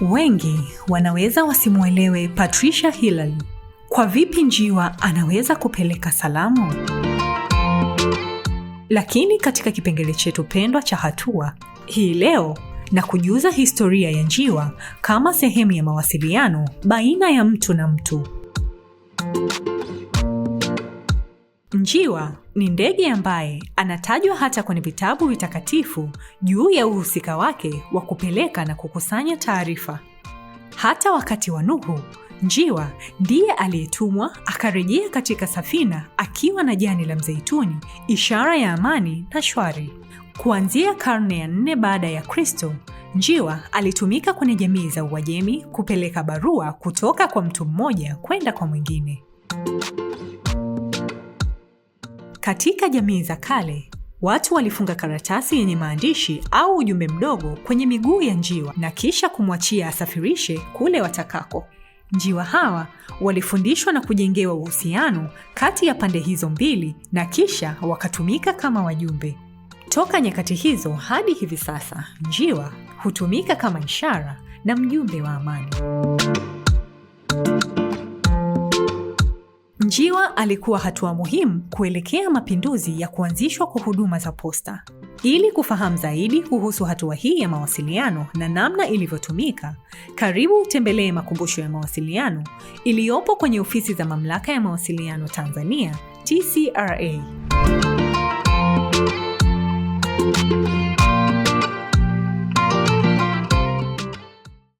Wengi wanaweza wasimwelewe Patricia hilal Kwa vipi njiwa anaweza kupeleka salamu? Lakini katika kipengele chetu pendwa cha hatua hii leo na kujuza historia ya njiwa kama sehemu ya mawasiliano baina ya mtu na mtu. Njiwa ni ndege ambaye anatajwa hata kwenye vitabu vitakatifu juu ya uhusika wake wa kupeleka na kukusanya taarifa. Hata wakati wa Nuhu, njiwa ndiye aliyetumwa akarejea katika safina akiwa na jani la mzeituni, ishara ya amani na shwari. Kuanzia karne ya nne baada ya Kristo, njiwa alitumika kwenye jamii za Uajemi kupeleka barua kutoka kwa mtu mmoja kwenda kwa mwingine. Katika jamii za kale, watu walifunga karatasi yenye maandishi au ujumbe mdogo kwenye miguu ya njiwa na kisha kumwachia asafirishe kule watakako. Njiwa hawa walifundishwa na kujengewa uhusiano kati ya pande hizo mbili na kisha wakatumika kama wajumbe. Toka nyakati hizo hadi hivi sasa, njiwa hutumika kama ishara na mjumbe wa amani. Njiwa alikuwa hatua muhimu kuelekea mapinduzi ya kuanzishwa kwa huduma za posta. Ili kufahamu zaidi kuhusu hatua hii ya mawasiliano na namna ilivyotumika, karibu tembelee Makumbusho ya Mawasiliano iliyopo kwenye ofisi za Mamlaka ya Mawasiliano Tanzania, TCRA.